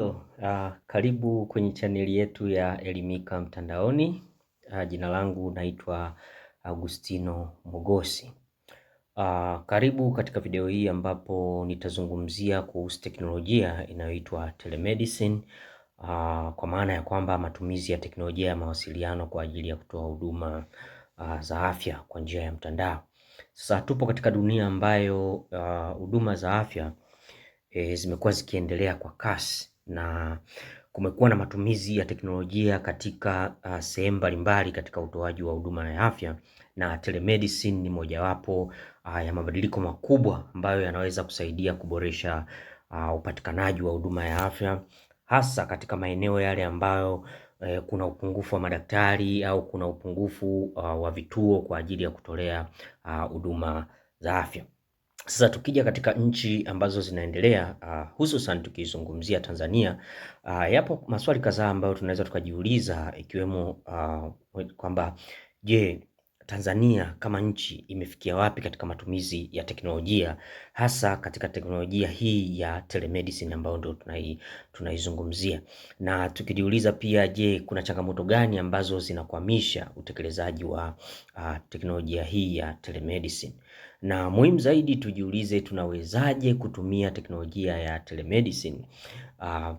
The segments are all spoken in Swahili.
Uh, karibu kwenye chaneli yetu ya Elimika Mtandaoni. Uh, jina langu naitwa Agustino Mogosi. Uh, karibu katika video hii ambapo nitazungumzia kuhusu teknolojia inayoitwa telemedicine, uh, kwa maana ya kwamba matumizi ya teknolojia ya mawasiliano kwa ajili ya kutoa huduma uh, za afya kwa njia ya mtandao. Sasa tupo katika dunia ambayo uh, huduma uh, za afya eh, zimekuwa zikiendelea kwa kasi na kumekuwa na matumizi ya teknolojia katika uh, sehemu mbalimbali katika utoaji wa huduma ya afya, na telemedicine ni mojawapo uh, ya mabadiliko makubwa ambayo yanaweza kusaidia kuboresha uh, upatikanaji wa huduma ya afya hasa katika maeneo yale ambayo eh, kuna upungufu wa madaktari au kuna upungufu uh, wa vituo kwa ajili ya kutolea huduma uh, za afya. Sasa tukija katika nchi ambazo zinaendelea uh, hususan tukizungumzia Tanzania uh, yapo maswali kadhaa ambayo tunaweza tukajiuliza ikiwemo uh, kwamba je, Tanzania kama nchi imefikia wapi katika matumizi ya teknolojia hasa katika teknolojia hii ya telemedicine ambayo ndio tunaizungumzia. Na tukijiuliza pia, je, kuna changamoto gani ambazo zinakwamisha utekelezaji wa uh, teknolojia hii ya telemedicine? Na muhimu zaidi tujiulize, tunawezaje kutumia teknolojia ya telemedicine uh,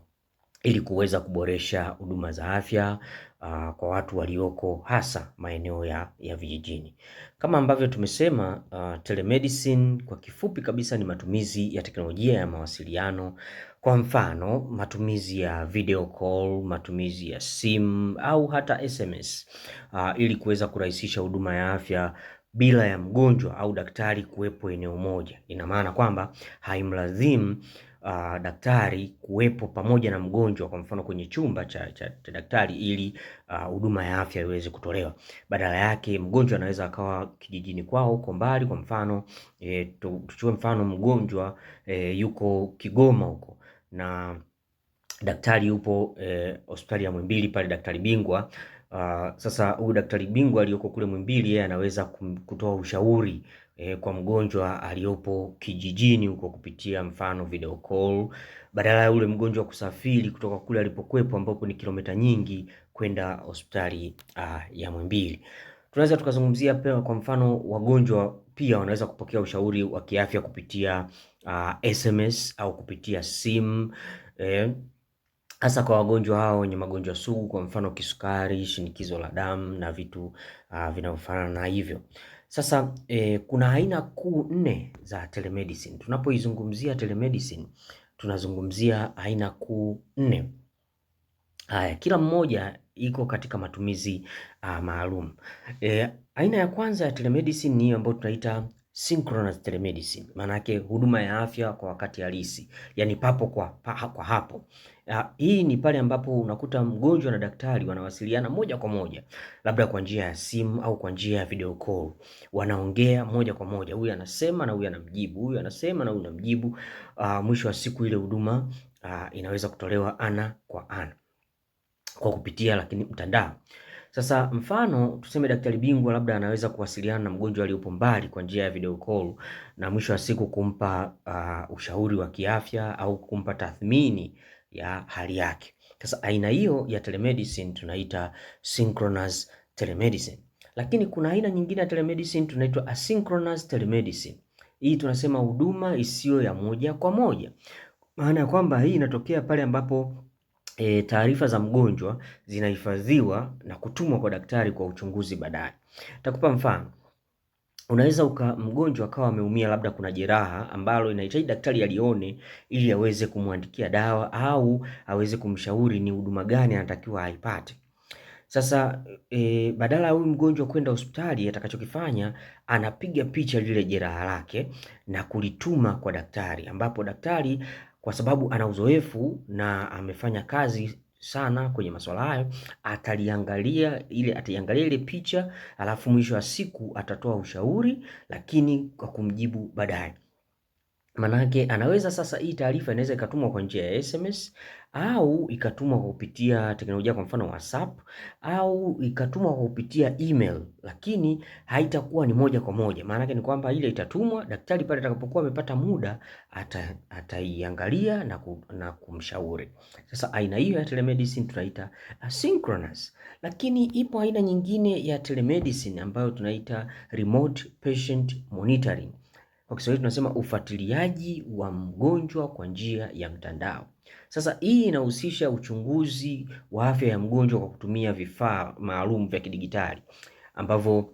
ili kuweza kuboresha huduma za afya uh, kwa watu walioko hasa maeneo ya, ya vijijini. Kama ambavyo tumesema uh, telemedicine kwa kifupi kabisa ni matumizi ya teknolojia ya mawasiliano, kwa mfano matumizi ya video call, matumizi ya simu au hata SMS uh, ah, ili kuweza kurahisisha huduma ya afya bila ya mgonjwa au daktari kuwepo eneo moja. Ina maana kwamba haimlazimu uh, daktari kuwepo pamoja na mgonjwa, kwa mfano kwenye chumba cha, cha, cha daktari ili ah, huduma uh, ya afya iweze kutolewa. Badala yake mgonjwa anaweza akawa kijijini kwao huko mbali, kwa mfano e, tuchukue mfano mgonjwa e, yuko Kigoma huko na daktari yupo eh, hospitali e, ya Mwimbili pale, daktari bingwa Uh, sasa huyu daktari bingwa aliyoko kule Mwimbili yeye anaweza kutoa ushauri e, kwa mgonjwa aliyopo kijijini huko kupitia mfano video call, badala ya ule mgonjwa kusafiri kutoka kule alipokwepo ambapo ni kilomita nyingi kwenda hospitali ya Muhimbili. Tunaweza tukazungumzia pia kwa mfano wagonjwa pia wanaweza kupokea ushauri wa kiafya kupitia uh, SMS au kupitia simu eh, hasa kwa wagonjwa hao wenye magonjwa sugu, kwa mfano kisukari, shinikizo la damu na vitu uh, vinavyofanana na hivyo. Sasa e, kuna aina kuu nne za telemedicine. Tunapoizungumzia telemedicine tunazungumzia aina kuu nne. Haya, kila mmoja iko katika matumizi uh, maalum. E, aina ya kwanza ya telemedicine ni ambayo tunaita synchronous telemedicine, maana yake huduma ya afya kwa wakati halisi, yani papo kwa, pa, kwa hapo. Ya, ah, hii ni pale ambapo unakuta mgonjwa na daktari wanawasiliana moja kwa moja, labda kwa njia ya simu au kwa njia ya video call. Wanaongea moja kwa moja, huyu anasema na huyu anamjibu, huyu anasema na huyu anamjibu. Uh, mwisho wa siku ile huduma ah, inaweza kutolewa ana kwa ana kwa kupitia lakini mtandao. Sasa mfano tuseme daktari bingwa labda anaweza kuwasiliana na mgonjwa aliyopo mbali kwa njia ya video call na mwisho wa siku kumpa uh, ushauri wa kiafya au kumpa tathmini ya hali yake. Sasa aina hiyo ya telemedicine tunaita synchronous telemedicine, lakini kuna aina nyingine ya telemedicine tunaitwa asynchronous telemedicine. Hii tunasema huduma isiyo ya moja kwa moja, maana ya kwamba hii inatokea pale ambapo e, taarifa za mgonjwa zinahifadhiwa na kutumwa kwa daktari kwa uchunguzi baadaye. Takupa mfano, unaweza uka mgonjwa akawa ameumia, labda kuna jeraha ambalo inahitaji daktari alione ili aweze kumwandikia dawa au aweze kumshauri ni huduma gani anatakiwa aipate. Sasa e, badala ya huyu mgonjwa kwenda hospitali, atakachokifanya anapiga picha lile jeraha lake na kulituma kwa daktari, ambapo daktari kwa sababu ana uzoefu na amefanya kazi sana kwenye masuala hayo, ataliangalia ile ataiangalia ile picha, alafu mwisho wa siku atatoa ushauri, lakini kwa kumjibu baadaye. Manake anaweza sasa, hii taarifa inaweza ikatumwa kwa njia ya SMS au ikatumwa kupitia teknolojia, kwa mfano WhatsApp au ikatumwa kupitia email, lakini haitakuwa ni moja kwa moja. Maanake ni kwamba ile itatumwa, daktari pale atakapokuwa amepata muda ataiangalia ata, na, ku, na kumshauri. Sasa aina hiyo ya telemedicine tunaita asynchronous, lakini ipo aina nyingine ya telemedicine ambayo tunaita remote patient monitoring kwa Kiswahili tunasema ufuatiliaji wa mgonjwa kwa njia ya mtandao. Sasa hii inahusisha uchunguzi wa afya ya mgonjwa kwa kutumia vifaa maalum vya kidigitali ambavyo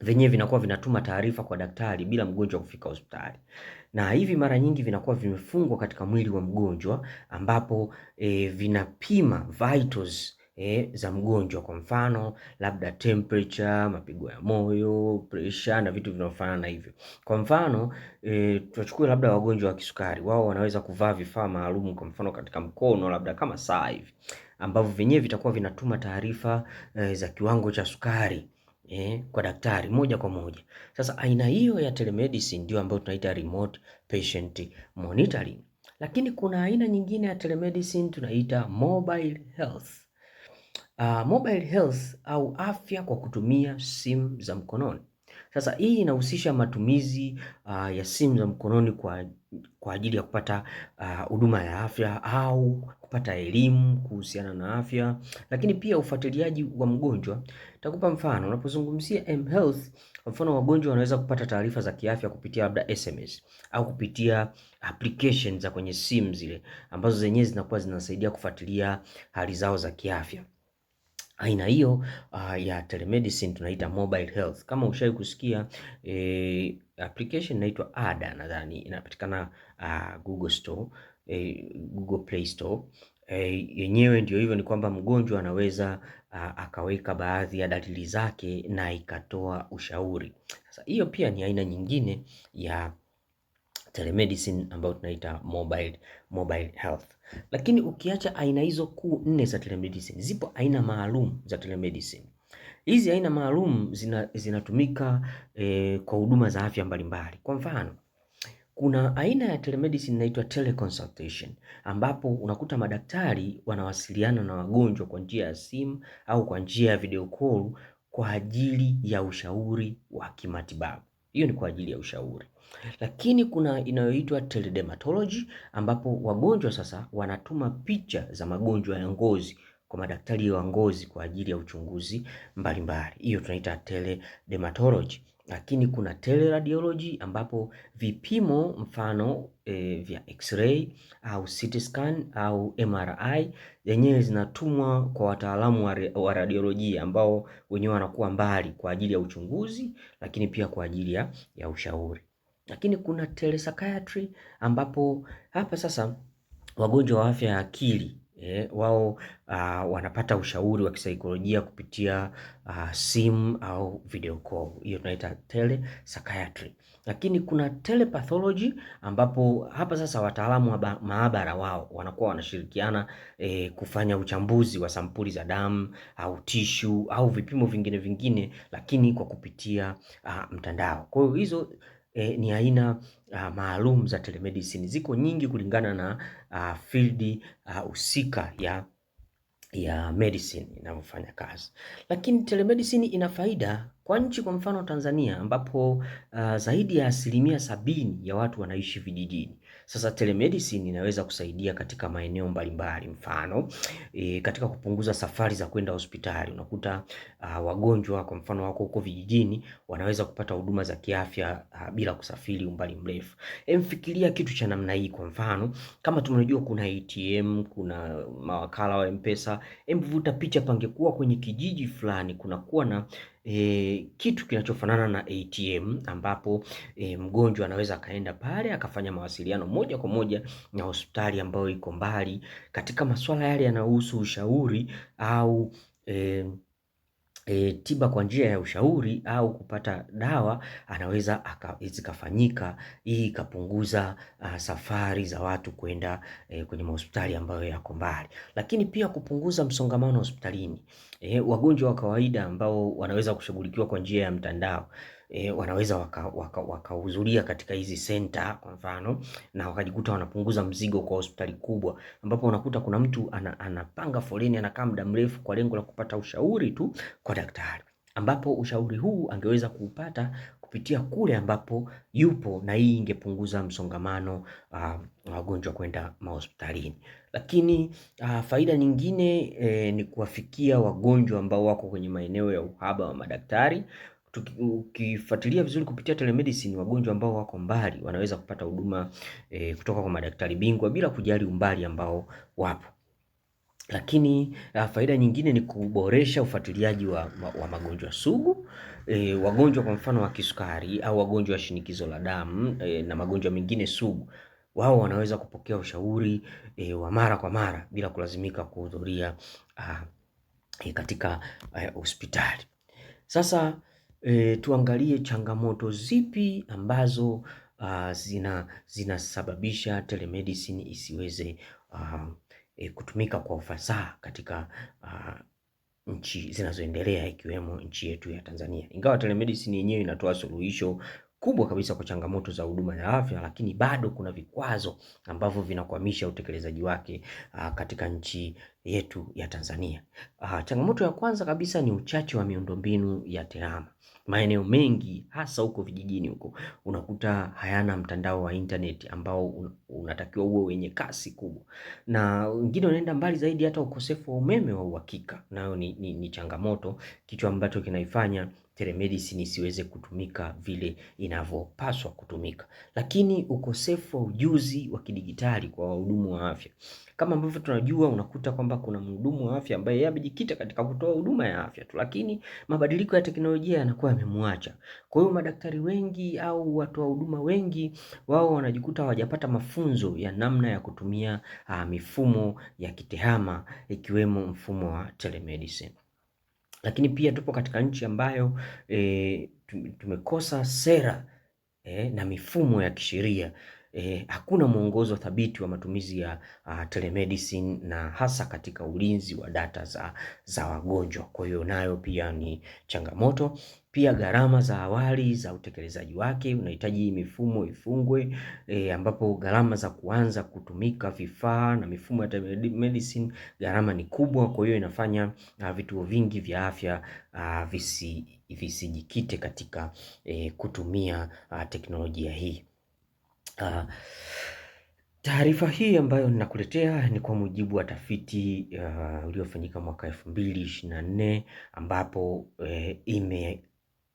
vyenyewe vinakuwa vinatuma taarifa kwa daktari bila mgonjwa kufika hospitali, na hivi mara nyingi vinakuwa vimefungwa katika mwili wa mgonjwa ambapo e, vinapima vitals e, za mgonjwa, kwa mfano labda temperature, mapigo ya moyo, pressure na vitu vinavyofanana na hivyo. Kwa mfano e, eh, tunachukua labda wagonjwa wa kisukari, wao wanaweza kuvaa vifaa maalum, kwa mfano katika mkono, labda kama saa hivi, ambavyo vyenyewe vitakuwa vinatuma taarifa e, za kiwango cha sukari Eh, kwa daktari moja kwa moja. Sasa aina hiyo ya telemedicine ndio ambayo tunaita remote patient monitoring, lakini kuna aina nyingine ya telemedicine tunaita mobile health uh, mobile health au afya kwa kutumia simu za mkononi. Sasa hii inahusisha matumizi uh, ya simu za mkononi kwa, kwa ajili ya kupata ah, huduma uh, ya afya au kupata elimu kuhusiana na afya, lakini pia ufuatiliaji wa mgonjwa. Takupa mfano, unapozungumzia mHealth, kwa mfano wagonjwa wanaweza kupata taarifa za kiafya kupitia labda SMS au kupitia application za kwenye simu zile ambazo zenyewe zinakuwa zinasaidia kufuatilia hali zao za kiafya aina hiyo uh, ya telemedicine tunaita mobile health. Kama ushawahi kusikia eh, application inaitwa Ada nadhani inapatikana uh, Google Store, eh, Google Play Store eh, yenyewe ndio hivyo, ni kwamba mgonjwa anaweza uh, akaweka baadhi ya dalili zake na ikatoa ushauri. Sasa hiyo pia ni aina nyingine ya telemedicine ambayo tunaita mobile, mobile health. Lakini ukiacha aina hizo kuu nne za telemedicine, zipo aina maalum za telemedicine. Hizi aina maalum zina, zinatumika eh, kwa huduma za afya mbalimbali. Kwa mfano kuna aina ya telemedicine inaitwa teleconsultation, ambapo unakuta madaktari wanawasiliana na wagonjwa kwa njia ya simu au kwa njia ya video call kwa ajili ya ushauri wa kimatibabu. Hiyo ni kwa ajili ya ushauri. Lakini kuna inayoitwa teledermatology ambapo wagonjwa sasa wanatuma picha za magonjwa ya ngozi kwa madaktari wa ngozi kwa ajili ya uchunguzi mbalimbali. Hiyo tunaita teledermatology. Lakini kuna teleradiology ambapo vipimo mfano e, vya x-ray au CT scan au MRI yenyewe zinatumwa kwa wataalamu wa radiolojia ambao wenyewe wanakuwa mbali kwa ajili ya uchunguzi, lakini pia kwa ajili ya, ya ushauri. Lakini kuna telepsychiatry ambapo hapa sasa wagonjwa wa afya ya akili eh, wao uh, wanapata ushauri wa kisaikolojia kupitia uh, simu au video call. Hiyo tunaita telepsychiatry. Lakini kuna telepathology ambapo hapa sasa wataalamu wa maabara wao wanakuwa wanashirikiana e, kufanya uchambuzi wa sampuli za damu au tishu au vipimo vingine vingine, lakini kwa kupitia uh, mtandao. Kwa hiyo hizo e, ni aina uh, maalum za telemedicine. Ziko nyingi kulingana na uh, ah, field ah, husika uh, ya ya medicine inavyofanya kazi, lakini telemedicine ina faida kwa nchi kwa mfano Tanzania ambapo uh, zaidi ya asilimia sabini ya watu wanaishi vijijini. Sasa telemedicine inaweza kusaidia katika maeneo mbalimbali, mfano e, katika kupunguza safari za kwenda hospitali. Unakuta uh, wagonjwa kwa mfano wako huko vijijini, wanaweza kupata huduma za kiafya uh, bila kusafiri umbali mrefu. Emfikiria kitu cha namna hii. Kwa mfano kama tunajua kuna ATM, kuna mawakala wa M-Pesa, emvuta picha, pangekuwa kwenye kijiji fulani kunakuwa na e, kitu kinachofanana na ATM ambapo e, mgonjwa anaweza akaenda pale akafanya mawasiliano moja kwa moja na hospitali ambayo iko mbali katika masuala yale yanayohusu ushauri au e, e, tiba kwa njia ya ushauri au kupata dawa anaweza zikafanyika hii ikapunguza uh, safari za watu kwenda e, kwenye mahospitali ambayo yako mbali, lakini pia kupunguza msongamano hospitalini. E, wagonjwa wa kawaida ambao wanaweza kushughulikiwa kwa njia ya mtandao e, wanaweza wakahudhuria waka, waka katika hizi senta kwa mfano, na wakajikuta wanapunguza mzigo kwa hospitali kubwa, ambapo unakuta kuna mtu ana, anapanga foleni anakaa muda mrefu kwa lengo la kupata ushauri tu kwa daktari, ambapo ushauri huu angeweza kuupata kupitia kule ambapo yupo, na hii ingepunguza msongamano ah, wa uh, wagonjwa kwenda mahospitalini. Lakini uh, faida nyingine eh, ni kuwafikia wagonjwa ambao wako kwenye maeneo ya uhaba wa madaktari. Ukifuatilia vizuri kupitia telemedicine, wagonjwa ambao wako mbali wanaweza kupata huduma e, kutoka kwa madaktari bingwa bila kujali umbali ambao wapo. Lakini e, faida nyingine ni kuboresha ufuatiliaji wa, wa, wa magonjwa sugu e, wagonjwa kwa mfano wa kisukari au wagonjwa wa shinikizo la damu e, na magonjwa mengine sugu wao wanaweza kupokea ushauri e, wa mara kwa mara bila kulazimika kuhudhuria e, katika e, hospitali. Sasa e, tuangalie changamoto zipi ambazo uh, zina zinasababisha telemedicine isiweze uh, e, kutumika kwa ufasaha katika uh, nchi zinazoendelea ikiwemo nchi yetu ya Tanzania. Ingawa telemedicine yenyewe inatoa suluhisho kubwa kabisa kwa changamoto za huduma ya afya, lakini bado kuna vikwazo ambavyo vinakwamisha utekelezaji wake uh, katika nchi yetu ya Tanzania. Uh, changamoto ya kwanza kabisa ni uchache wa miundombinu ya tehama maeneo mengi hasa huko vijijini huko unakuta hayana mtandao wa intaneti ambao unatakiwa uwe wenye kasi kubwa, na wengine wanaenda mbali zaidi hata ukosefu wa umeme wa uhakika, nayo ni, ni, ni changamoto, kitu ambacho kinaifanya telemedicine isiweze kutumika vile inavyopaswa kutumika. Lakini ukosefu wa ujuzi wa kidijitali kwa wahudumu wa afya, kama ambavyo tunajua, unakuta kwamba kuna mhudumu wa afya ambaye yeye amejikita katika kutoa huduma ya afya tu, lakini mabadiliko ya teknolojia yanakuwa yamemwacha. Kwa hiyo madaktari wengi au wa huduma wengi, wao wanajikuta hawajapata mafunzo ya namna ya kutumia uh, mifumo ya kitehama ikiwemo mfumo wa telemedicine. Lakini pia tupo katika nchi ambayo e, tumekosa sera e, na mifumo ya kisheria e, hakuna mwongozo thabiti wa matumizi ya a, telemedicine na hasa katika ulinzi wa data za, za wagonjwa. Kwa hiyo nayo pia ni changamoto. Pia gharama za awali za utekelezaji wake, unahitaji mifumo ifungwe e, ambapo gharama za kuanza kutumika vifaa na mifumo ya telemedicine gharama ni kubwa. Kwa hiyo inafanya uh, vituo vingi vya afya uh, visi visijikite katika uh, kutumia uh, teknolojia hii uh, Taarifa hii ambayo ninakuletea ni kwa mujibu wa tafiti uh, uliofanyika mwaka elfu mbili ishirini na nne ambapo uh, ime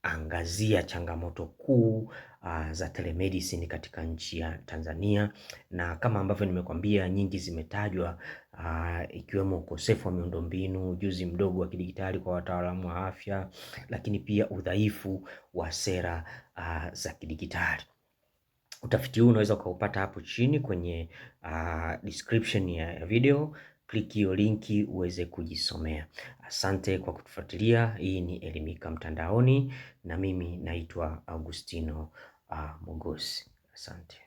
angazia changamoto kuu uh, za telemedicine katika nchi ya Tanzania, na kama ambavyo nimekwambia, nyingi zimetajwa uh, ikiwemo ukosefu wa miundombinu, ujuzi mdogo wa kidigitali kwa wataalamu wa afya, lakini pia udhaifu wa sera uh, za kidigitali. Utafiti huu unaweza ukaupata hapo chini kwenye uh, description ya video click hiyo linki uweze kujisomea. Asante kwa kutufuatilia. Hii ni Elimika Mtandaoni na mimi naitwa Augustino uh, ah, Mogosi. Asante.